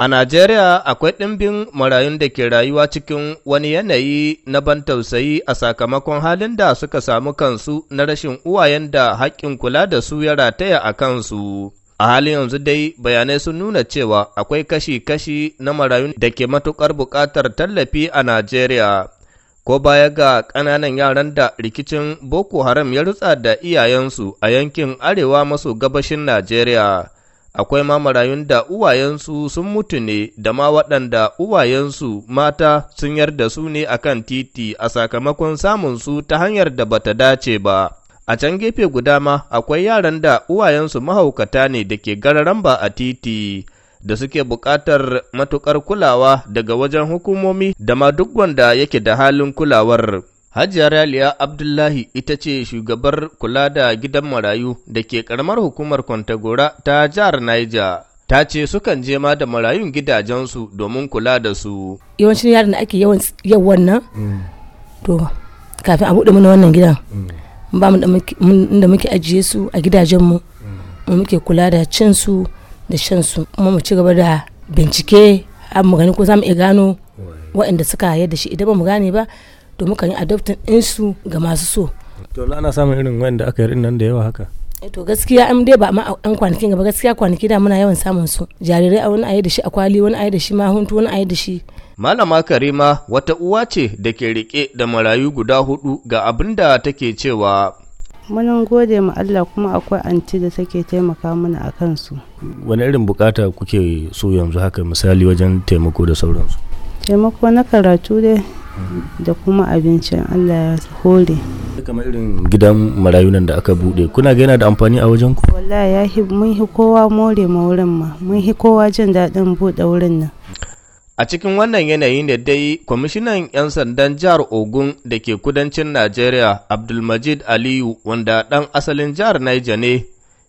A Najeriya akwai ɗimbin marayun da ke rayuwa cikin wani yanayi na ban tausayi a sakamakon halin da suka samu kansu na rashin uwayen da haƙƙin kula da su ya rataya a kansu. A halin yanzu dai bayanai sun nuna cewa akwai kashi-kashi na marayun da ke matuƙar buƙatar tallafi a Najeriya. Ko baya ga ƙananan yaran da rikicin Boko Haram ya rutsa da iyayensu a yankin arewa maso gabashin Najeriya. akwai ma marayun da uwayensu sun mutu ne da ma waɗanda uwayensu mata sun yarda su ne akan titi a sakamakon samun su ta hanyar da bata dace ba. A can gefe guda ma akwai yaran da uwayensu mahaukata ne da ke gararan ba a titi da suke buƙatar matuƙar kulawa daga wajen hukumomi da ma duk wanda yake da halin kulawar. Hajiya Raliya Abdullahi ita ce shugabar kula da gidan marayu da ke karamar hukumar Kwantagora ta jihar Niger. Ta ce sukan je ma da marayun gidajensu domin kula da su. Yawancin yaran da ake yawan yau nan, to kafin a buɗe mana wannan gidan, ba mu da muke ajiye su a gidajenmu, mu muke kula da cinsu da shan su, mu ci gaba da bincike, mu gani ko za mu iya gano waɗanda suka yadda shi idan ba mu gane ba to muka yi adoptin ɗinsu ga masu so to ana samun irin wanda aka yi nan da yawa haka eh, to gaskiya an dai ba ma an kwanaki gaba gaskiya kwanaki da muna yawan samun su jarirai a wani ayi da shi a kwali wani ayi da shi ma wani ayi da shi malama karima wata uwa ce da ke rike da marayu guda hudu ga abin da take cewa muna gode ma Allah kuma akwai anti da take taimaka mana a kansu wani irin bukata kuke so yanzu haka misali wajen taimako da sauransu taimako na karatu dai da kuma abincin allah ya hore kamar irin gidan marayu nan da aka bude kuna ga da amfani a wajen ku wallahi ya hi mun hi kowa more ma wurin ma mun hi kowa jin daɗin bude wurin nan a cikin wannan yanayi ne dai kwamishinan 'yan sandan jihar ogun da ke kudancin najeriya abdulmajid aliyu wanda ɗan asalin jihar niger ne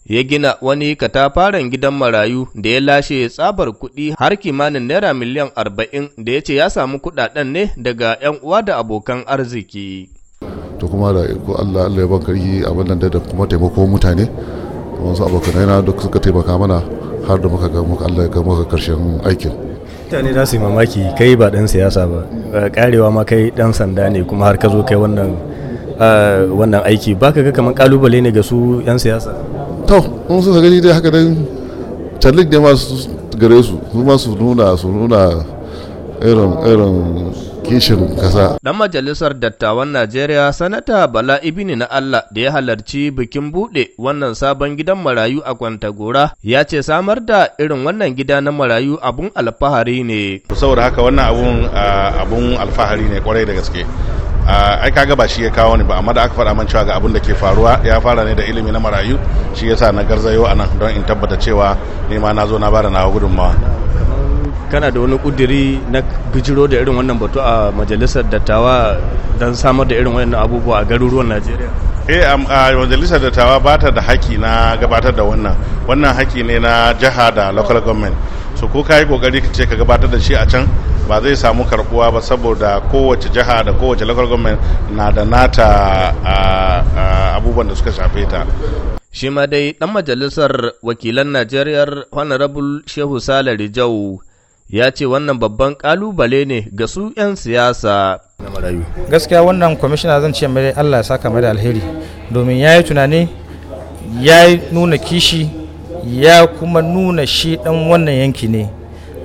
ya gina wani katafaren gidan marayu da ya lashe tsabar kuɗi har kimanin naira miliyan arba'in da ya ce ya samu kuɗaɗen ne daga 'yan uwa da abokan arziki. to kuma da ko Allah Allah ya ban karki abin nan da kuma taimako mutane wasu abokanai na duk suka taimaka mana har da muka ga muka Allah ya ga muka karshen aikin mutane za su yi mamaki kai ba dan siyasa ba karewa eh, ma kai dan sanda ne kuma har ka zo kai wannan eh, wannan aiki baka ga kamar kalubale ne ga su yan siyasa to mun suka gani dai haka nan talik da masu gare su su nuna su nuna irin irin kishin kasa. Dan majalisar dattawan Najeriya sanata Bala Ibini na Allah da ya halarci bikin buɗe wannan sabon gidan marayu a Kwantagora ya ce samar da irin wannan gida na marayu abun alfahari ne. Saboda haka wannan abun ah, abun alfahari ne kwarai da gaske. ai kaga ba shi ya kawo ni ba amma da aka faɗa man cewa ga abin da ke faruwa ya fara ne da ilimi na marayu shi yasa na garzayo a nan don in tabbata cewa ni ma na zo na bada nawa gudunmawa kana da wani kudiri na bijiro da irin wannan batu a majalisar dattawa don samar da irin wannan abubuwa a garuruwan najeriya eh a majalisar dattawa ba ta da haki na gabatar da wannan wannan haki ne na jiha da local government so ko ka yi kokari ka ce ka gabatar da shi a can ba zai samu karbuwa ba saboda kowace jiha da kowace local government na da nata abubuwan da suka shafe ta shi ma dai ɗan majalisar wakilan najeriya honorable shehu sale rijau ya ce wannan babban kalubale ne ga su 'yan siyasa gaskiya wannan kwamishina zan ce mai allah ya saka mai da alheri domin ya yi tunani ya nuna kishi ya kuma nuna shi dan wannan yanki ne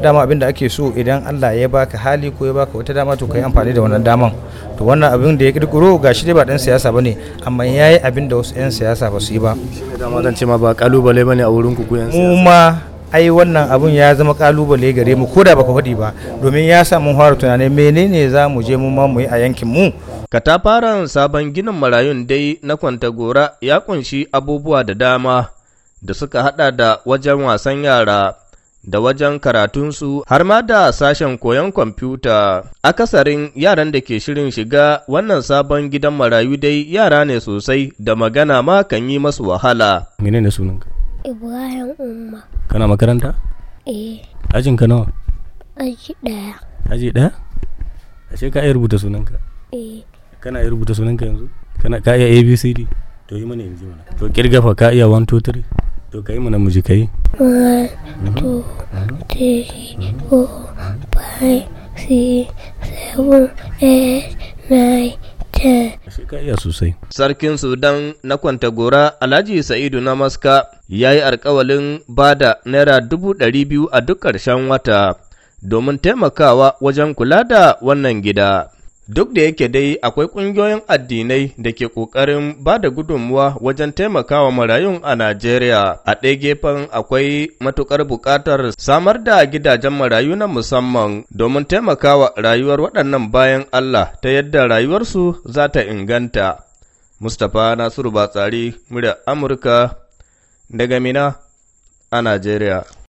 dama abin da ake so idan Allah ya baka hali ko ya baka wata dama to kai amfani da wannan daman to wannan abin da ya kirkiro gashi dai ba dan siyasa bane amma yayi abin da wasu yan siyasa ba su yi ba dama zan ce ma ba kalubale bane a wurin ku yan siyasa mu ai wannan abun ya zama kalubale gare mu koda baka faɗi ba domin ya sa mun fara tunanin menene za mu je mu ma mu yi a yankin mu katafaren sabon ginin marayun dai na kwanta gora ya kunshi abubuwa da dama da suka hada da wajen wasan yara da wajen karatunsu har ma da sashen koyon kwamfuta. Akasarin yaran da ke shirin shiga wannan sabon gidan marayu dai yara ne sosai da magana ma kan yi masu wahala. Menene sunanka? Ibrahim Umma. Kana makaranta? Eh. Ajin ka nawa? Aji ɗaya. Aji ɗaya? Ashe ka iya rubuta sunanka? Eh. Kana iya rubuta sunanka yanzu? Kana ka iya ABCD? To yi mana yanzu mana. To kirgafa ka iya 1 2 3. to kai mu namiji kai one two three four five six seven eight nine Sarkin Sudan na Kwantagora Alhaji Sa'idu na Maska ya yi alkawalin ba da Naira dubu ɗari biyu a duk ƙarshen wata domin taimakawa wajen kula da wannan gida. Duk da yake dai akwai ƙungiyoyin addinai da ke ƙoƙarin ba da gudunmuwa wajen taimakawa marayun a Najeriya, a ɗaya gefen akwai matuƙar buƙatar samar da gidajen marayu na musamman domin taimakawa rayuwar waɗannan bayan Allah ta yadda rayuwarsu za ta inganta. Mustapha Nasiru Batsari, murya Amurka, daga Mina a Najeriya.